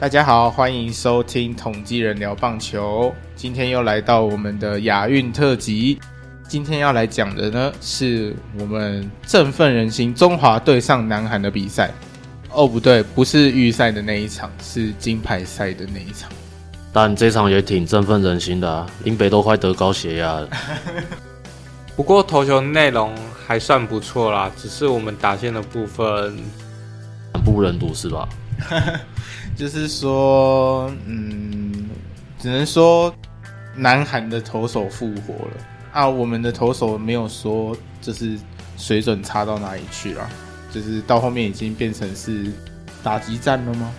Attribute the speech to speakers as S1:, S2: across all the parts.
S1: 大家好，歡迎收聽統計人聊棒球。今天又來到我們的亞運特輯。今天要來講的呢，是我們振奮人心中華對上南韓的比賽。哦，不對，不是預賽的那一場，是金牌賽的那一場。
S2: 但這場也挺振奮人心的啊，林北都快得高血壓了。
S3: 不過投球內容還算不錯啦，只是我們打線的部分慘不忍睹，是吧？
S1: 就是說，嗯，只能說，南韓的投手復活了啊！我們的投手沒有說就是水準差到哪裡去了，就是到後面已經變成是打
S3: 擊戰了嗎？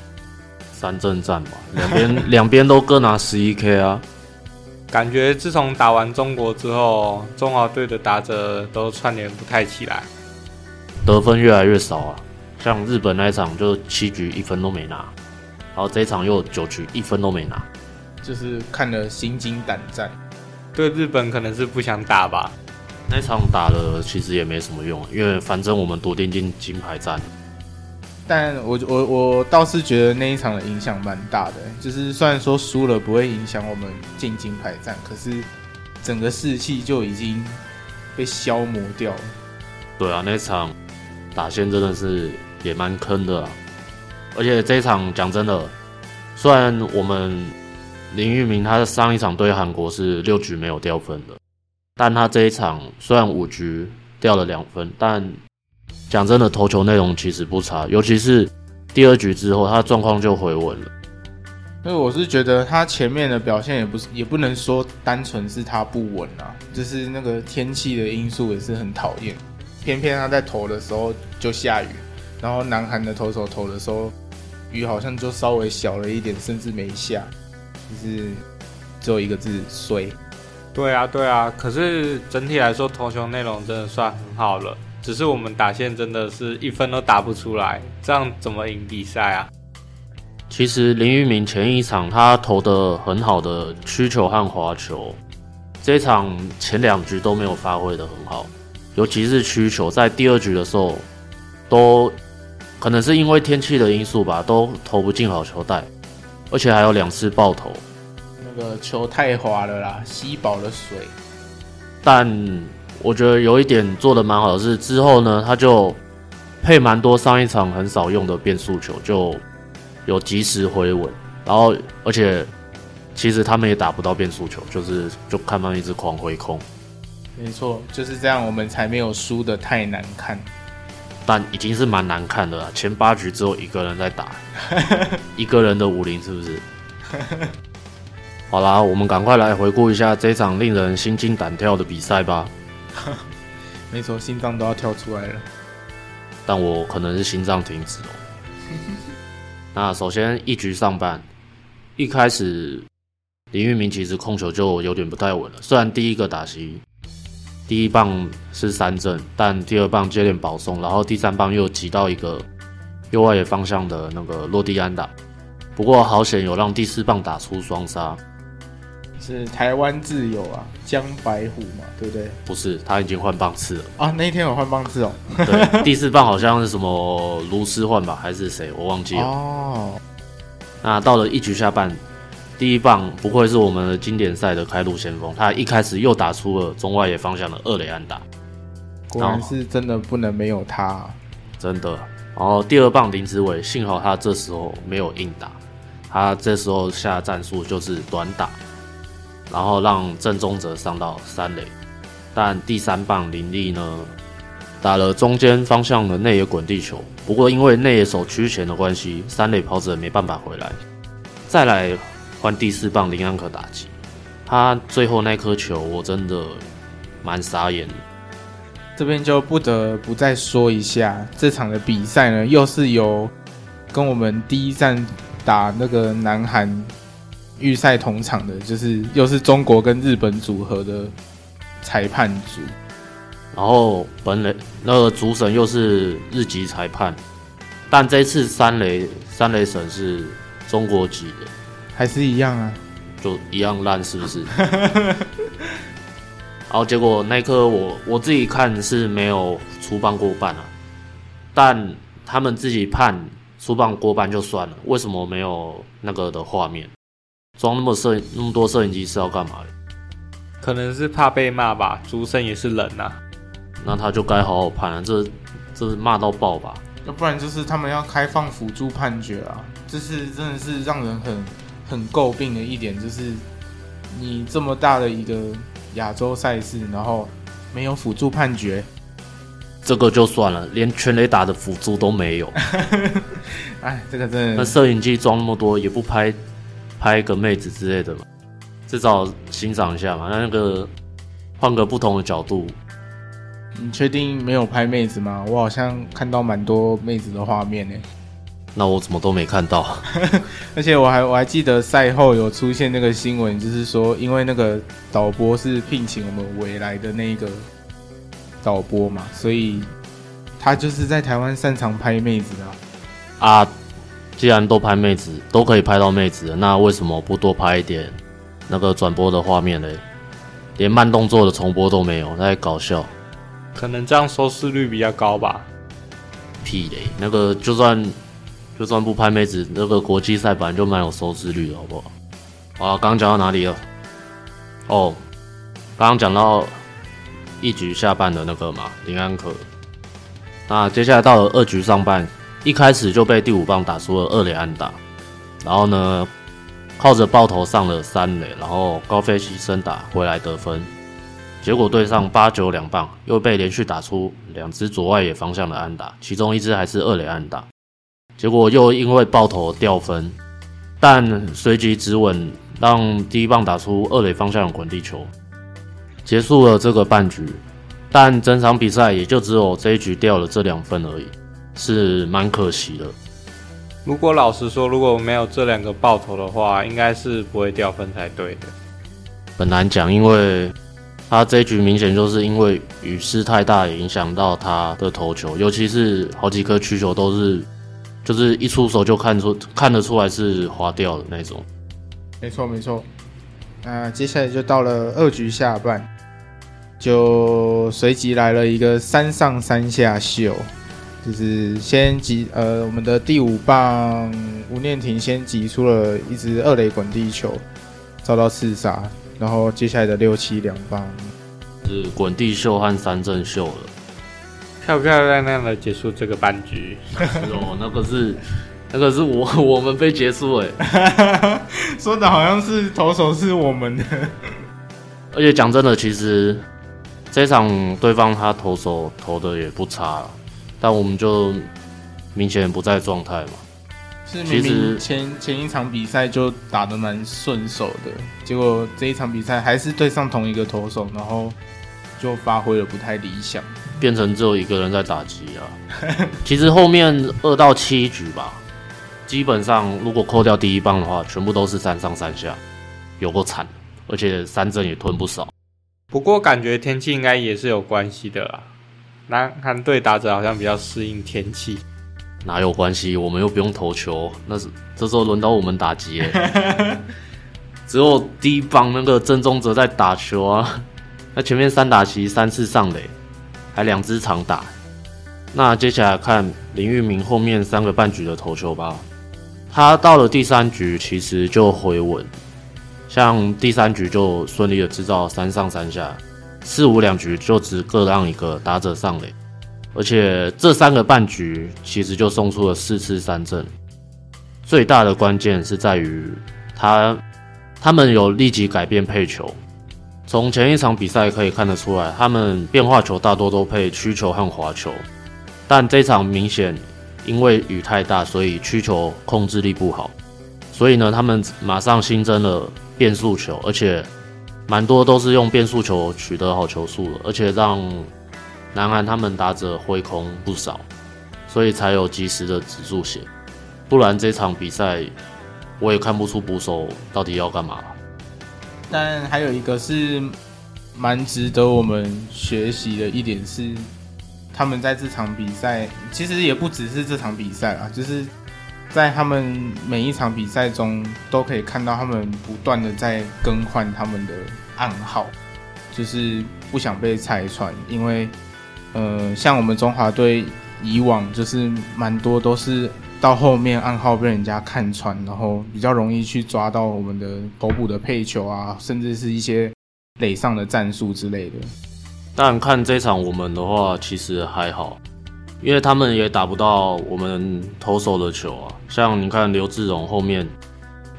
S2: 三振戰吧，兩邊 兩邊都各拿十一 K 啊！
S3: 感覺自從打完中國之後，中華隊的打者都串聯不太起來，
S2: 得分越來越少啊！像日本那一場就七局一分都沒拿。然後這一場又九局一分都沒拿，
S1: 就是看得
S3: 心驚膽戰。
S2: 對日本可
S3: 能是不想打吧。
S2: 那場打了其實也沒什麼用，因為反正我們篤定進金牌戰。
S1: 但我我我倒是覺得那一場的影響蠻大的，就是雖然說輸了不會影響我們進金牌戰，可是整個士氣就已經被消磨掉
S2: 了。對啊，那場打線真的是也蠻坑的啊。而且這一場講真的，雖然我們林昱珉他上一場對韓國是六局沒有掉分的，但他這一場雖然五局掉了兩分，但講真的投球內容其實不差，尤其是第二局之後，他狀況就回穩了。
S1: 所以我是覺得他前面的表現也不是，也不能說單純是他不穩啊，就是那個天氣的因素也是很討厭，偏偏他在投的時候就下雨。然後南韓的投手投的時候，雨好像就稍微小了一點，甚至沒下，就是只有一個字衰。碎。
S3: 對啊，對啊。可是整體來說，投球內容真的算很好了，只是我們打線真的是一分都打不出來，這樣怎麼贏比賽
S2: 啊？其實林玉明前一場他投得很好的曲球和滑球，這一場前兩局都沒有發揮得很好，尤其是曲球，在第二局的時候都。可能是因為天氣的因素吧，都投不進好球帶，而且還有兩次爆投，
S1: 那個球太滑了啦，吸飽了水。
S2: 但我覺得有一點做得蠻好的是，之後呢，他就配蠻多上一場很少用的變速球，就有及時回穩，然後而且其實他們也打不到變速球，就是就看到一直狂揮空。
S1: 沒錯，就是這樣，我們才沒有
S2: 輸得太難看。但已經是蠻難看的了，前八局只有一個人在打， 一個人的武林是不是？ 好啦，我們趕快來回顧一下這一場令人心驚膽跳的比賽吧。
S1: 沒錯，心臟都要跳出來了，
S2: 但我可能是心臟停止了、喔。 那首先一局上半，一開始林昱珉其實控球就有點不太穩了，雖然第一個打席。第一棒是三振，但第二棒接連保送，然後第三棒又擠到一個右外野方向的那個落地安打，不過好險有讓第四棒打出雙殺。
S1: 是台灣自由啊，江白虎嘛，對不對？
S2: 不是，他已經換棒次了
S1: 啊。那一天有換棒次哦。
S2: 對，第四棒好像是什麼盧斯煥吧，還是誰？我忘記
S1: 了。哦，
S2: 那到了一局下半。第一棒不愧是我們的經典賽的開路先鋒，他一開始又打出了中外野方向的二壘安打，果然
S1: 是真的不能沒有他，啊
S2: 哦，真的。然後第二棒林子偉，幸好他這時候沒有硬打，他這時候下的戰術就是短打，然後讓鄭宗哲上到三壘。但第三棒林立呢，打了中間方向的內野滾地球，不過因為內野手趨前的關係，三壘跑者沒辦法回來，再來，換第四棒林安可打擊，他最後那顆球我真的蠻傻眼的。這邊
S1: 就不得不再說一下，這場的比賽呢，又是由跟我們第一站打那個南韓預賽同場的，就是又是中國跟日本組合的裁判組，
S2: 然後本壘那個主審又是日籍裁判，但這次三壘三壘審是中國籍的。
S1: 還是一樣啊，
S2: 就一樣爛，是不是？ 好，結果那一顆我我自己看是沒有出棒過半啊，但他們自己判出棒過半就算了，為什麼沒有那個的畫面？裝那麼攝那麼多攝影機是要幹嘛的？可能是怕被罵吧，主審也是人吶、啊，那他就該好好判了、啊，這這是罵到爆吧？
S1: 要不然就是他們要開放輔助判決啊，這是真的是讓人很。很詬病的一點就是，你這麼大的一個亞洲賽事，然後
S2: 沒有輔助判決，這個就算了，連全壘打的輔助都沒有。
S1: 哎，這個真的……那攝
S2: 影機裝那麼多，也不拍拍一個妹子之類的嘛？至少欣賞一下嘛。那那個換個不同的角度，你確
S1: 定沒有拍妹子嗎？我好像看到蠻多妹子的畫面呢、欸。
S2: 那我怎麼都沒看到？
S1: 而且我還我還記得賽後有出現那個新聞，就是說因為那個導播是聘請我們緯來的那個導播嘛，所以他就是在台灣擅長拍妹子的
S2: 啊，啊。既然都拍妹子，都可以拍到妹子，那為什麼不多拍一點那個轉播的畫面嘞？連慢動作的重播都沒有，太搞笑。
S3: 可能這樣收視率比較高吧？
S2: 屁嘞，那個就算。就算不拍妹子，那個國際賽本來就蠻有收視率的，好不好？啊，剛剛講到哪裡了？哦，剛剛講到一局下半的那個嘛，林安可。那接下來到了二局上半，一開始就被第五棒打出了二壘安打，然後呢，靠着暴投上了三壘，然後高飛犧牲打回來得分。結果對上八九兩棒，又被連續打出兩只左外野方向的安打，其中一支還是二壘安打。結果又因為爆頭掉分，但隨即止穩，讓第一棒打出二壘方向的滾地球，結束了這個半局。但整場比賽也就只有這一局掉了這兩分而已，是蠻可惜的。
S3: 如果老實說，如果沒有這兩個爆頭的話，應該是不會掉分才對的。
S2: 很難講，因為他這一局明顯就是因為雨勢太大，影響到他的投球，尤其是好幾顆曲球都是。就是一出手就看出看得出來是滑掉的那種，
S1: 沒錯沒錯。那接下來就到了二局下半，就隨即來了一個三上三下秀。就是先擊，呃，我們的第五棒吳念庭先擊出了一支二壘滾地球，遭到刺殺，然後接下來的六七兩棒
S2: 是滾地秀和三振秀了。
S3: 漂漂亮亮的結束這個半局，哦、哎，那個是那個是
S2: 我我們被結束
S3: 哎、欸，
S1: 說的好像是投手是我們的，
S2: 而且講真的，其實這場對方他投手投的也不差，但我們就明顯不在狀態嘛。明明其實
S1: 前前一場比賽就打得蠻順手的，結果這一場比賽還是對上同一個投手，然後。就發揮了不太理想，變
S2: 成只有一個人在打擊啊。其實後面二到七局吧，基本上如果扣掉第一棒的話，全部都是三上三下，有夠慘，而且三振也吞不少。不過感覺天氣應該也是有關係的
S3: 啊。南韓
S2: 隊打者好像比較適應天氣。哪有關係？我們又不用投球，那是這時候輪到我們打擊了，只有第一棒那個鄭宗哲在打球啊。那前面三打其實三次上壘，還兩支長打。那接下來看林昱珉後面三個半局的投球吧。他到了第三局其實就回穩，像第三局就順利的制造三上三下，四五兩局就只各讓一個打者上壘。而且這三個半局其實就送出了四次三振。最大的關鍵是在於他他們有立即改變配球。從前一場比賽可以看得出來，他們變化球大多都配曲球和滑球，但這場明顯因為雨太大，所以曲球控制力不好，所以呢，他們馬上新增了變速球，而且蠻多都是用變速球取得好球數的，而且讓南韓他們打者揮空不少，所以才有及時的止住血，不然這場比賽我也看不出捕手到底要幹嘛了。
S3: 但
S1: 還有一個是蠻值得我們學習的一點是，他們在這場比賽，其實也不只是這場比賽啊，就是在他們每一場比賽中都可以看到他們不斷的在更換他們的暗號，就是不想被拆穿，因為呃，像我們中華隊以往就是蠻多都是。到後面暗號被人家看穿，然後比較容易去抓到我們的投捕的配球啊，甚至是一些壘上的戰術之類的。
S2: 但看這場我們的話，其實還好，因為他們也打不到我們投手的球啊。像你看劉志榮後面，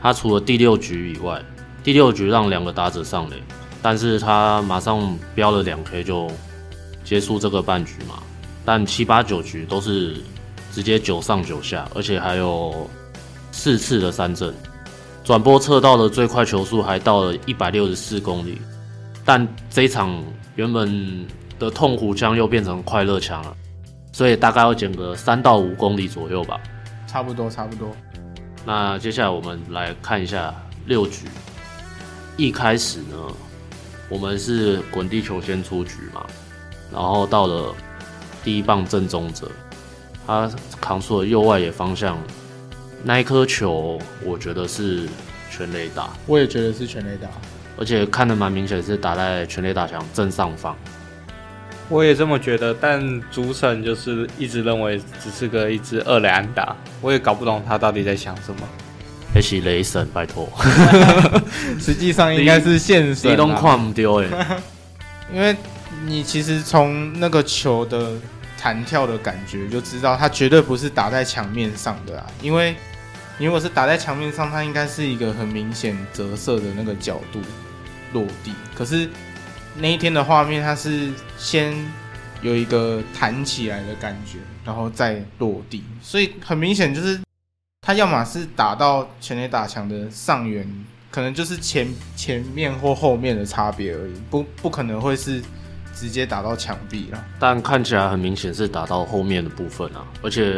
S2: 他除了第六局以外，第六局讓兩個打者上壘，但是他馬上飆了兩 K 就結束這個半局嘛。但七八九局都是。直接九上九下，而且還有四次的三振，轉播測到的最快球速還到了一百六十四公里，但這一場原本的痛苦槍又變成快樂槍了，所以大概要減個三到五公里左右吧，
S1: 差不多差不多。
S2: 那接下來我們來看一下六局，一開始呢，我們是滾地球先出局嘛，然後到了第一棒鄭宗哲。他扛出了右外野方向那一顆球，我覺得是全壘打。
S3: 我也覺得是全壘打，
S2: 而且看得蠻明顯，是打在全壘打牆正上方。
S3: 我也這麼覺得，但主審就是一直認為只是個一支二壘安打。我也搞不懂他到底
S2: 在想什麼。還是壘審，拜託。 實際上應該是線審啊。你都框丟。不欸，
S1: 因為你其實從那個球的。彈跳的感覺就知道，它絕對不是打在牆面上的啊！因為你如果是打在牆面上，它應該是一個很明顯折射的那個角度落地。可是那一天的畫面，它是先有一個彈起來的感覺，然後再落地，所以很明顯就是它要麼是打到全壘打牆的上緣，可能就是前前面或後面的差別而已，不，不不可能會是。直接打到牆壁了，
S2: 但看起來很明顯是打到後面的部分啊！而且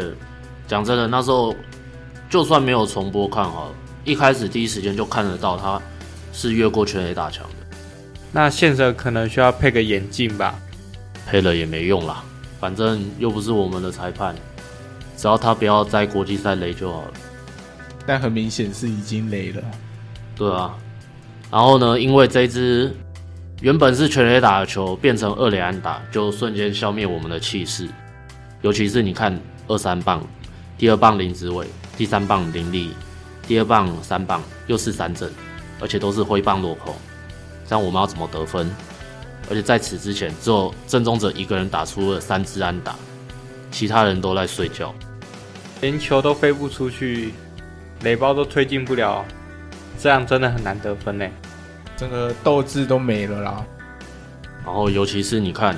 S2: 講真的，那時候就算沒有重播看好了，一開始第一時間就看得到他是越過全壘打牆的。那現在可能需要配個眼鏡吧？配了也沒用啦，反正又不是我們的裁判，只要他不要在國際賽雷就好了。
S1: 但很明顯是已經雷
S2: 了。對啊，然後呢？因為這支。原本是全壘打的球，變成二壘安打，就瞬間消滅我們的氣勢。尤其是你看，二三棒，第二棒林子偉，第三棒林立，第二棒三棒又是三振，而且都是揮棒落空，這樣我們要怎麼得分？而且在此之前，只有鄭宗哲一個人打出了三支安打，其他人都在睡覺，
S3: 連球都飛不出去，壘包都推進不了，這樣真的很難得分嘞、欸。
S2: 整個鬥志都沒了啦。然後，尤其是你看，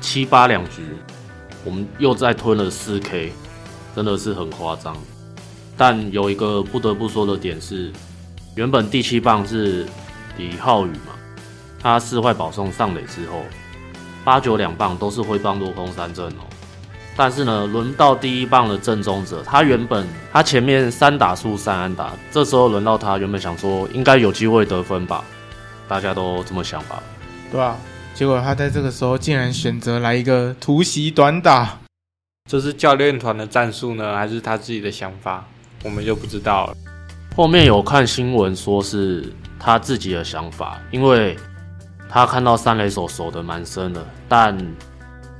S2: 七八兩局，我們又再吞了四 K，真的是很誇張。但有一個不得不說的點是，原本第七棒是李浩宇嘛，他四壞保送上壘之後，八九兩棒都是揮棒落空三振哦、喔。但是呢，輪到第一棒的鄭宗哲，他原本他前面三打數三安打，這時候輪到他，原本想說應該有機會得分吧。大家都這麼想法，
S3: 對啊。
S1: 結果他在這個時候竟然選擇來一個突襲
S3: 短打，這是教練團的戰術呢，還是他自己的想法？我們就
S2: 不知道了。後面有看新聞說是他自己的想法，因為他看到三壘手守得蠻深的。但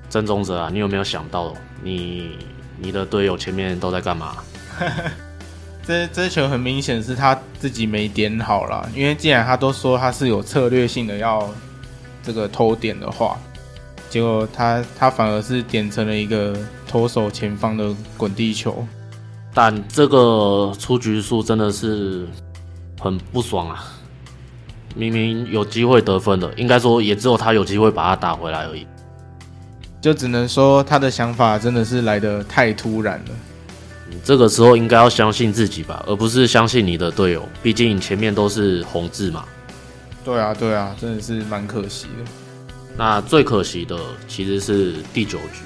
S2: 曾宗澤啊，你有沒有想到你你的隊友前面都在幹嘛？
S1: 這這球很明顯是他自己沒點好啦，因為既然他都說他是有策略性的要這個偷點的話，結果他他反而是
S2: 點成了一個投手前方的滾地球，但這個出局數真的是很不爽啊！明明有機會得分的，應該說也只有他有機會把它打回來而已，就只能說
S1: 他的想法真的是來得太突然了。
S2: 這個時候應該要相信自己吧，而不是相信你的隊友。畢竟前面都是紅字嘛。
S1: 對啊，對啊，真的是蠻可惜的。
S2: 那最可惜的其實是第九局，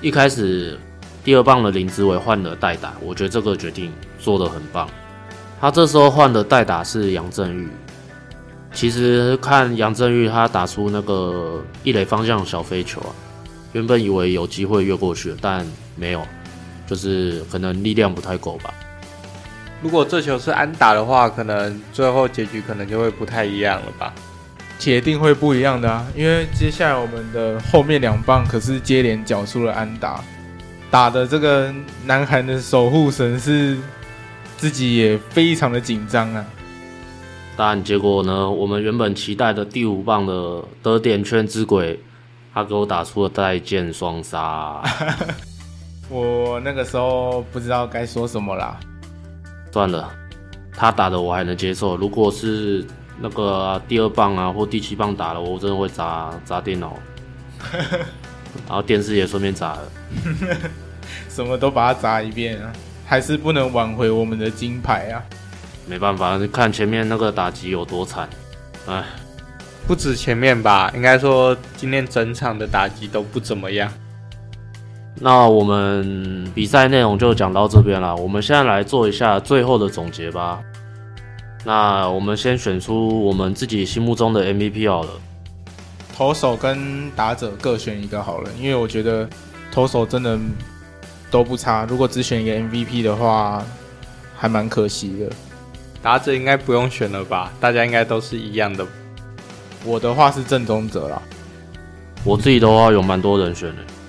S2: 一開始第二棒的林子偉換了代打，我覺得這個決定做得很棒。他這時候換的代打是楊振宇，其實看楊振宇他打出那個一壘方向小飛球啊，原本以為有機會越過去，但沒有。就是可能力量不太夠吧。
S3: 如果這球是安打的話，可能最後結局可能就會不太一樣了吧？
S1: 鐵定會不一樣的啊！因為接下來我們的後面兩棒可是接連繳出了安打，打的這個南韓的守護神是自己也非常的緊張啊。
S2: 但結果呢，我們原本期待的第五棒的得點圈之鬼，他給我打出了再見雙殺。
S1: 我那個時候不知道該說什麼啦，
S2: 算了，他打的我還能接受，如果是那個、啊、第二棒啊或第七棒打了，我真的會砸砸電腦， 然後電視也順便砸了，
S1: 什麼都把它砸一遍啊，還是不能挽回我們
S3: 的金牌啊，
S2: 沒辦法，你看前面那個打擊有多慘，唉，
S3: 不止前面吧，應該說今天整場的打擊都不怎麼樣。
S2: 那我們比賽內容就講到這邊了，我們現在來做一下最後的總結吧。那我們先選出我們自己心目中的 MVP 好了。
S1: 投手跟打者各選一個好了，因為我覺得投手真的都不差，如果只選一個 MVP 的話，
S2: 還蠻可惜的。
S3: 打者應該不用選了吧？大家應該都是一樣的。我的話是正宗者鄭宗哲啦。我
S2: 自己的話有蠻多人選的、欸。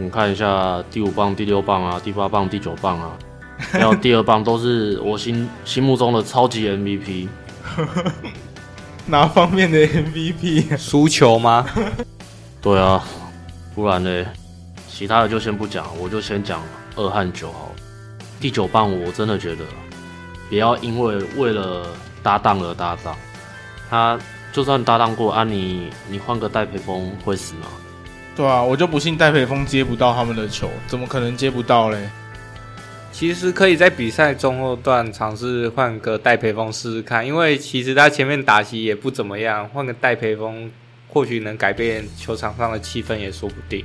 S2: 你看一下第五棒、第六棒啊、第八棒、第九棒啊，還有第二棒，都是我心心目中的超級 MVP。哪方面的 MVP？輸球嗎？對啊，不然嘞，其他的就先不講，我就先講二和九好了。第九棒我真的覺得，不要因為為了搭檔而搭檔，他就算搭檔過安、啊、你你換個戴培峰會死嗎？
S1: 對啊，我就不信戴培峰接
S3: 不到他們的球，怎麼可能接不到嘞？其實可以在比賽中後段嘗試換個戴培峰試試看，因為其實他前面打起也不怎麼樣，換個戴培峰或許能改變球場上的氣氛，也說不定。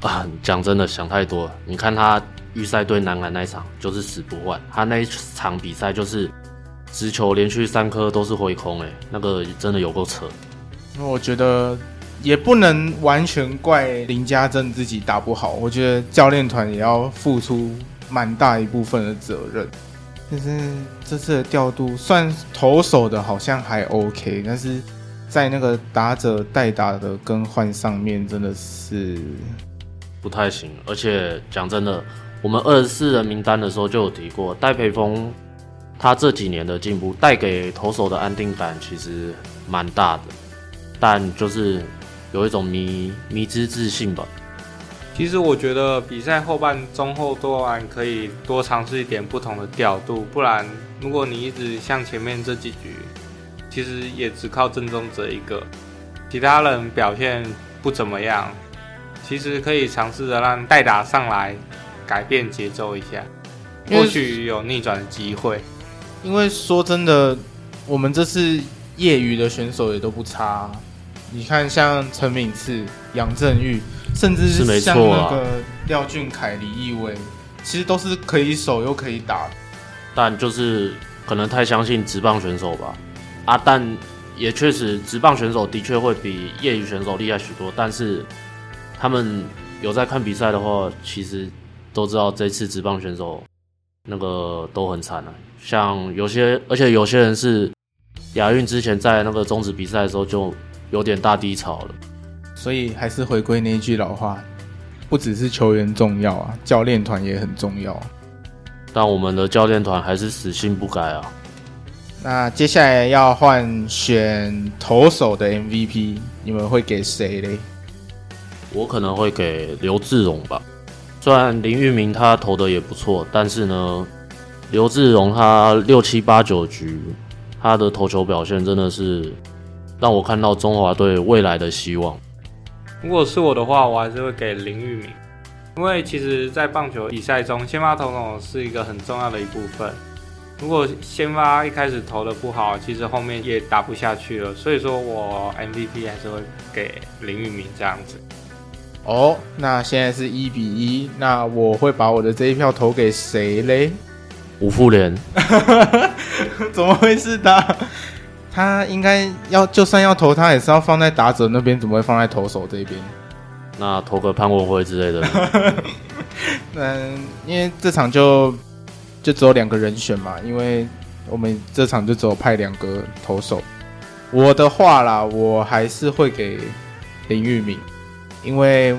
S2: 啊，講真的，想太多了。你看他預賽對南韓那一場就是死不換，他那一場比賽就是直球連續三顆都是回空、欸，哎，那個真的有夠扯。
S1: 那我覺得。也不能完全怪林家正自己打不好，我覺得教練團也要付出蠻大一部分的責任。但是這次的調度，算投手的好像還 OK，但是在那個打者代打的更換上面，真的是
S2: 不太行。而且講真的，我們二十四人名單的時候就有提過，戴培峰他這幾年的進步帶給投手的安定感其實蠻大的，但就是。有一種迷迷之自信吧。
S3: 其實我覺得比賽後半、中後段，可以多嘗試一點不同的調度，不然如果你一直像前面這幾局，其實也只靠正中這一個，其他人表現不怎麼樣。其實可以嘗試着讓代打上來，改變節奏一下，為或許有逆轉的機會。
S1: 因為說真的，我們這次業餘的選手也都不差。你看像陳，像陳敏次楊振玉，甚至是像那個廖俊凱、李易威，其實都是可以守又可以打的。啊，
S2: 但就是可能太相信職棒選手吧。啊，但也確實職棒選手的確會比業餘選手厲害許多。但是他們有在看比賽的話，其實都知道這次職棒選手那個都很慘了。啊。像有些，而且有些人是亞運之前在那個中止比賽的時候就。有點大低潮了，
S1: 所以還是回歸那句老話，不只是球員重要啊，教練團也很重要啊。
S2: 但我們的教練團還是死性不改啊。
S1: 那接下來要換選投手的 MVP，你們會給誰嘞？
S2: 我可能會給劉志榮吧，雖然林昱珉他投的也不錯，但是呢，劉志榮他六七八九局，他的投球表現真的是。讓我看到中華隊未來的希望。
S3: 如果是我的話，我還是會給林玉明，因為其實，在棒球比賽中，先發投手是一個很重要的一部分。如果先發一開始投得不好，其實後面也打不下去了。所以說我 MVP 還是會給林玉明這樣子。
S1: 哦，那現在是一比一，那我會把我的這一票投給誰嘞？吳富連？ 怎麼會是他？他應該要，就算要投,他也是要放在打者那邊，怎麼會放在投手這邊？
S2: 那投個潘文輝之類的。
S1: 嗯，因為這場就就只有兩個人選嘛，因為我們這場就只有派兩個投手。我的話啦，我還是會給林昱珉，因為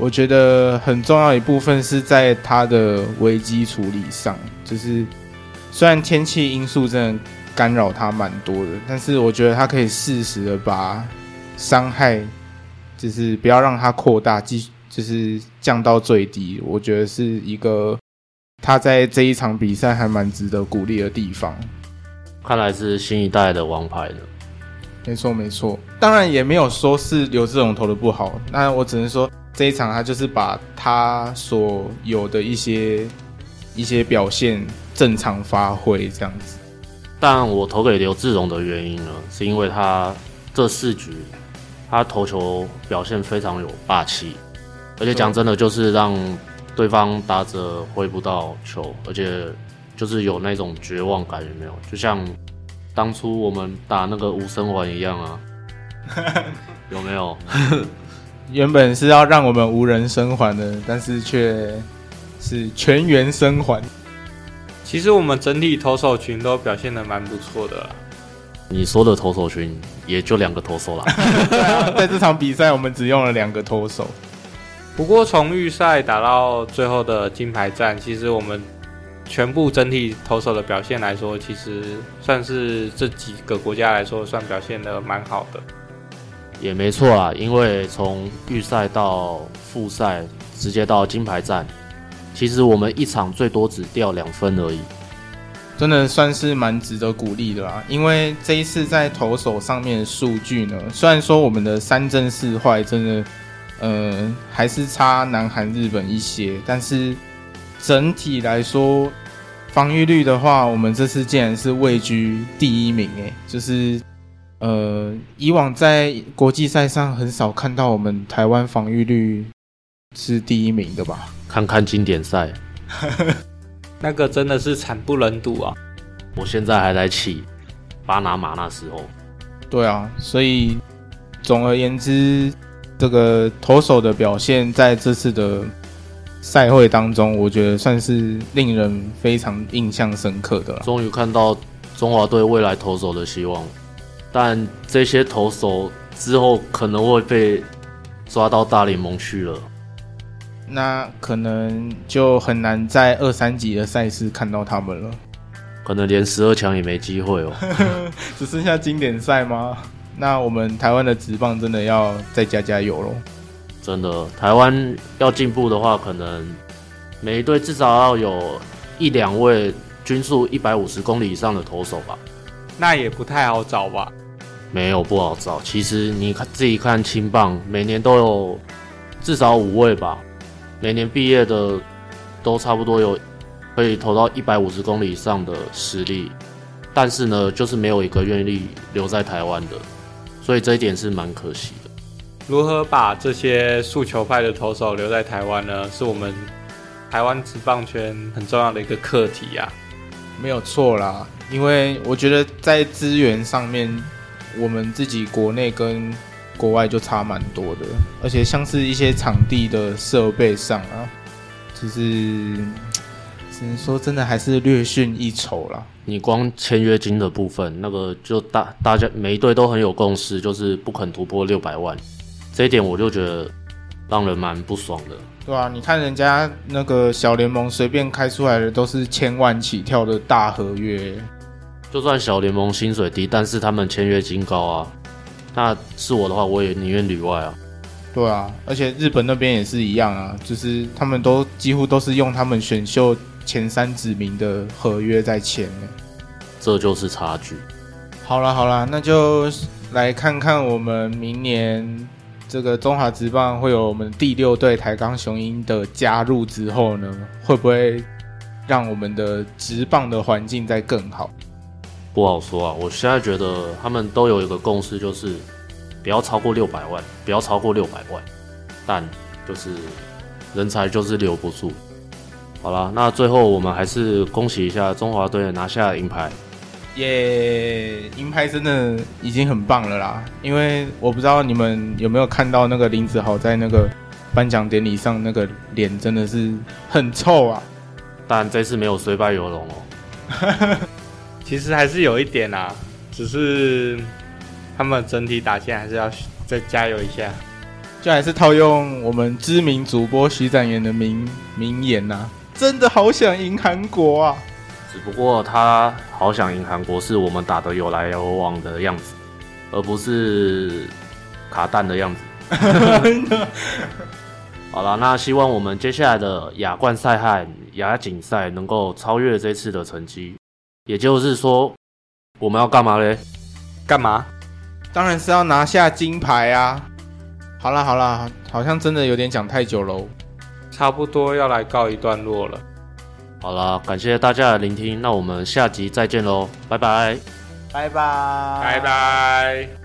S1: 我覺得很重要一部分是在他的危機處理上，就是雖然天氣因素真的。干擾他蠻多的，但是我覺得他可以適時的把傷害，就是不要讓他擴大，繼，就是降到最低。我覺得是一個他在這一場比賽還蠻值得鼓勵的地方。
S2: 看來是新一代的王牌了。
S1: 沒錯，沒錯。當然也沒有說是劉致榮投的不好，那我只能說這一場他就是把他所有的一些一些表現正常發揮這樣子。
S2: 但我投給劉志榮的原因呢，是因為他這四局，他投球表現非常有霸氣，而且講真的，就是讓對方打者揮不到球，而且就是有那種絕望感有沒有？就像當初我們打那個無生還一樣啊，有沒有？
S1: 原本是要讓我們無人生還的，但是卻是全員生還。其實
S3: 我們整體投手群都表現得蠻不錯的。
S2: 你說的投手群也就兩個投手了，
S3: 對啊，在這場比賽
S1: 我們只用了兩個投手。
S3: 不過從預賽打到最後的金牌戰，其實我們全部整體投手的表現來說，其實算是這幾個國家來說算表現得蠻好
S2: 的。也沒錯啊，因為從預賽到複賽，直接到金牌戰。其實我們一場最多只掉兩分而已，
S1: 真的算是蠻值得鼓勵的啦。因為這一次在投手上面的數據呢，雖然說我們的三振四壞真的，呃，還是差南韓、日本一些，但是整體來說，防禦率的話，我們這次竟然是位居第一名哎、欸，就是呃，以往在國際賽上很少看到我們台灣防禦率。是
S3: 第一名的吧？
S2: 看看經典賽，
S3: 那個真的是慘不忍
S2: 睹啊！我現在還在氣巴拿馬那時候。
S3: 對啊，所
S1: 以總而言之，這個投手的表現在這次的賽會當中，我覺得算是令人非常印象深
S2: 刻的啦。終於看到中華隊未來投手的希望，但這些投手之後可能會被抓到大聯盟去了。
S1: 那可能就很難在二三級的賽事看到他們了，
S2: 可能連十二強也沒機會哦、喔。
S1: 只剩下經典賽嗎？那
S2: 我們台灣的職棒真的要再加加油咯。真的，台灣要進步的話，可能每一隊至少要有一兩位均速一百五十公里以上的投手吧。
S3: 那也不太好找吧？
S2: 沒有不好找，其實你自己看青棒，每年都有至少五位吧。每年畢業的都差不多有可以投到一百五十公里以上的實力，但是呢，就是沒有一個願意留在台灣的，所以這一點是蠻可惜的。
S3: 如何把這些速球派的投手留在台灣呢？是我們台灣職棒圈很重要的一個課題呀、啊，
S1: 沒有錯啦。因為我覺得在資源上面，我們自己國內跟國外就差蠻多的，而且像是一些場地的設
S2: 備上啊，就是只能說真的還是略遜一籌啦。你光簽約金的部分，那個就大大家每一隊都很有共識，就是不肯突破六百萬，這一點我就覺得讓人蠻不爽的。
S1: 對啊，你看人家那個小聯盟隨便開出來的都是千萬起跳的大
S2: 合約欸，就算小聯盟薪水低，但是他們簽約金高啊。那是我的話，我也寧願旅外啊。
S1: 對啊，而且日本那邊也是一樣啊，就是他們都幾乎都是用他們選秀前三指名的合約在
S2: 簽耶。這就是差距。
S1: 好啦好啦，那就來看看我們明年這個中華職棒會有我們第六隊台鋼雄鷹的加入之後呢，會不會讓我們的職棒的環境再更好？
S2: 不好說啊！我現在覺得他們都有一個共識，就是不要超過六百萬，不要超過六百萬。但就是人才就是留不住。好啦，那最後我們還是恭喜一下中華隊拿下銀牌。
S1: 耶！銀牌真的已經很棒了啦。因為我不知道你們有沒有看到那個林子豪在那個頒獎典禮上那個
S3: 臉真的是很
S1: 臭啊。
S2: 但這
S3: 次沒有雖敗猶榮哦。 其實還是有一點啊，只是他們整體打線還是要再加油一下。
S1: 就還是套用我們知名主播徐展元的名名言吶、啊，真的好想贏韓國啊！
S2: 只不過他好想贏韓國，是我們打得有來有往的樣子，而不是卡彈的樣子。好了，那希望我們接下來的亞冠賽和亞錦賽能夠超越這次的成績。也就是說，我們要幹嘛嘞？幹嘛？當然是
S1: 要拿下金牌啊！好啦好啦，
S3: 好像真的有點講太久嘍，差不多要來告一段落了。
S2: 好了，感謝大家的聆聽，那我們下集再見嘍，拜拜，拜
S1: 拜，拜拜。拜拜。